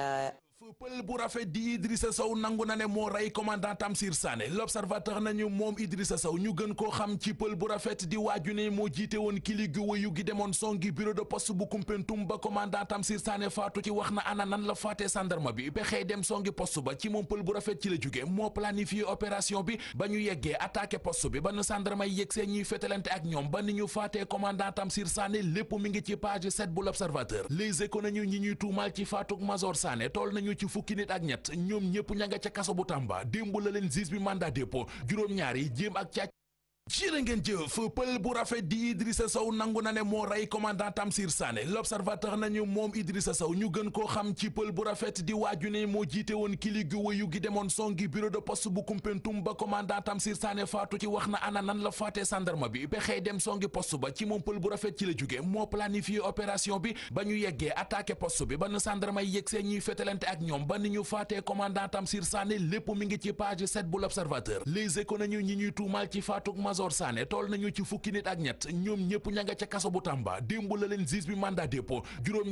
a uh, pël bu rafet di Idrissa Sow nangu na ne moo rey commandant Tamsir Sané l'observateur nañu moom Idrissa saw ñu gën koo xam ci pël bu rafet di waaju ne moo jiite woon kili gu wëyu gi demoon songi bureau de post bu Koumpentoum ba commandant Tamsir Sané faatu ci wax na ana nan la faatee sandarma bi pexey dem songi post ba ci moom pël bu rafet ci la jóge moo planifié opération bi ba ñu yeggee attaqué post bi ba nu sandarma yi yegg see ñuy fetalante ak ñoom ba ni ñu faatee commandant Tamsir Sané lépp mi ngi ci page 7 bu l'observateur les économies ñi ñuy tuumal ci faatuk Mazor Sané toll nañu ci fukki nit ak ñett ñoom ñëpp ña nga ca kaso bu Tamba démb la leen juge bi mandat dépôt juróom-ñaar jéem ak càcc jërë ngeen jëf pël bu rafet di Idrissa Sow nangu na ne moo rey commandant Tamsir Sané l'observateur nañu moom Idrissa saw ñu gën koo xam ci pël bu rafet di waaju ne moo jiite woon kili gu wëyu gi demoon songi bureau de poste bu Koumpentoum ba commandant Tamsir Sané faatu ci wax na ana nan la faatee sandarma bi pexey dem songi poste ba ci moom pël bu rafet ci la jóge moo planifié opération bi ba ñu yeggee attaqué post bi ba na sandarma yi yëg see ñuy ak ñoom ba ni ñu faatee commandant Tamsir Sané lépp mi ngi ci page 7 bu l'observateur les Major Sané toll nañu ci fukki bi mandat dépôt a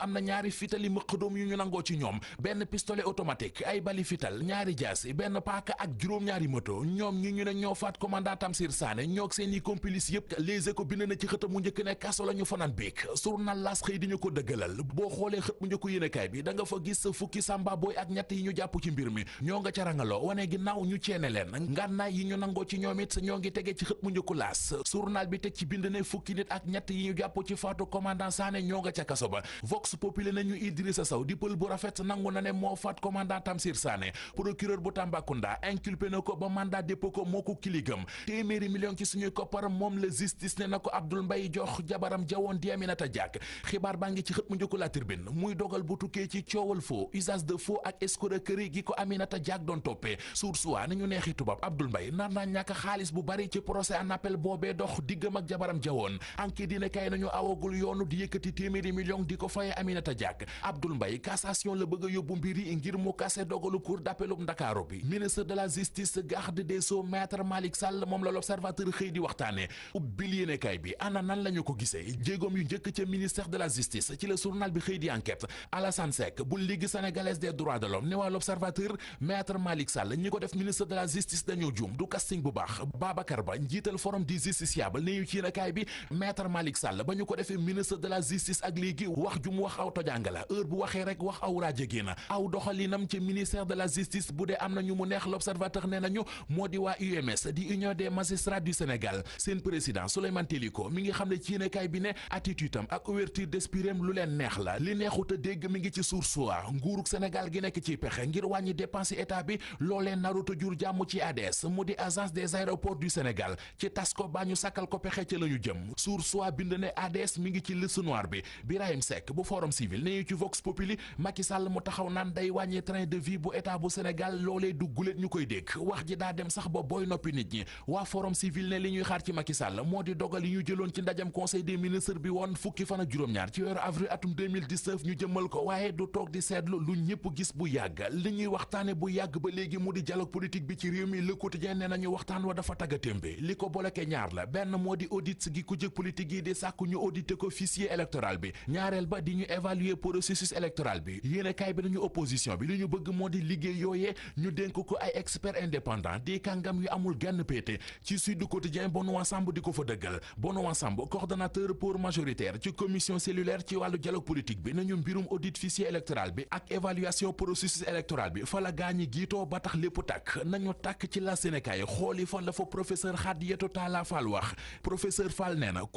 am na ñaari fitali mëqadoom yu ñu nangoo ci ñoom benn pistolet automatique ay bali fital ñaari jaas benn paaka ak juróom-ñaari moto ñoom ñi ñu ne ñoo faat commandant Tamsir Sané ñoog seen i complice yëpp Les Échos bind na ci xëtam mu njëkk ne kaso lañu fanaan biig ko dëggalal boo da nga fa gis fukki sàmba booy ak ñett yi ñu jàpp ci mbir mi ñoo nga ca rangaloo wane ginnaaw ñu ceene leen ngànnaay yi ñu nangoo ci ñoom it ñoo ngi tege ci xët mu njëkk L'As journal bi teg ci bind ne fukki faatu commandant Sané ñoo nga ca kaso ba Vox Populi nañu Idrissa Sow di pël bu rafet nangu na ne moo faat commandant Tamsir Sané procureur bu Tambacounda inculpé na ko ba mandat dépôt ko moo ko kiligam téeméeri million ci suñuy koppar moom la justice ne na ko Abdoul Mbaye jox jabaram jaw woon di Aminata Diack xibaar baa ngi ci xët mu njëkk la Tribune muy dogal bu tukkee ci coowal faux usage de faux ak escroquerie gi ko Aminata Diack doon toppee source waa nañu neexi tubaab Abdoul Mbaye nar naa ñàkk xaalis bu bari ci procès en appel boobee dox diggam ak jabaram jawoon enquête dina kay nañu awagul yoonu di yëkkati téeméeri million di ko fayee a Diack Abdoul Mbaye cassation la bëgg a yóbbu mbir ngir mu kase dogalu cour d'appelub Ndakaaru bi ministre de la justice garde des sceaux maître Malick Sall moom la l'observateur xëy di waxtaane ubbil yéenekaay bi ana nan lañu ko gisee jéegoom yu njëkk ca ministère de la justice ci la journal bi xëy di enquête Alassane Seck bu Ligue sénégalaise des droits de l'homme ne waa l'observateur maître Malick Sall ñi ko def ministre de la justice dañoo juum du casting bu baax Babacar Ba njiital forum du justiciable ne ñu ci yéenekaay bi maître Malick Sall ba ñu ko defee ministre de la justice ak léegi wax ju wax aw tojanga la bu waxee rek wax aw rajo génn aw doxalinam ci ministère de la justice attitude am ak ouverture d'esprit am lu leen neex la li neexut a dégg mi ci suur suwa nguurug Sénégal gi nekk ci pexe ngir wàññi dépense état bi loolee naruta jur jàmm ci ADS mu di agence des aéroports du Sénégal ci tas ko baa ñu sàkkal ko pexe ca la ñu jëm suur suwa bind ne ADS mi ngi ci liste noire bi Birahim Seck bu Forum Civil ne ci Vox Populi Macky Sall mu taxaw naan day wàññi train de vie bu état bu Sénégal loolee du gulet ñu koy dégg wax ji daa dem sax ba booy noppi nit ñi waa Forum Civil ne li ñuy xaar ci Macky Sall ministre bi woon fukki fan ak juróom-ñaar ci weeru avril atum 2019 ñu jëmmal ko waaye du toog di seetlu lu ñëpp gis bu yàgg li ñuy waxtaane bu yàgg ba léegi mu di dialogue politique bi ci réew mi Le Quotidien ne nañu waxtaan wa dafa tagga témbe li ko boleke ñaar la benn moo di audit gi ku jëg politique yi di sàkku ñu audité ko fichier électoral bi ñaareel ba di ñu évaluer processus électoral bi yéene bi nañu opposition bi li ñu bëgg moo di liggéey yooyee ñu dénk ko ay expert indépendant di kàngam yu amul genn péete ci Sud Quotidien Benoît Sambou di ko fa majoritaire ci commission cellulaire ci wàllu dialogue politique bi nañu mbirum audit fichier électoral bi ak évaluation processus électoral bi fala la gaañi giitoo ba tax lépp tàkk nañu tàkk ci la Sénégal xooli fan la fa professeur Khadiatou Talla fal wax professeur Fall nee na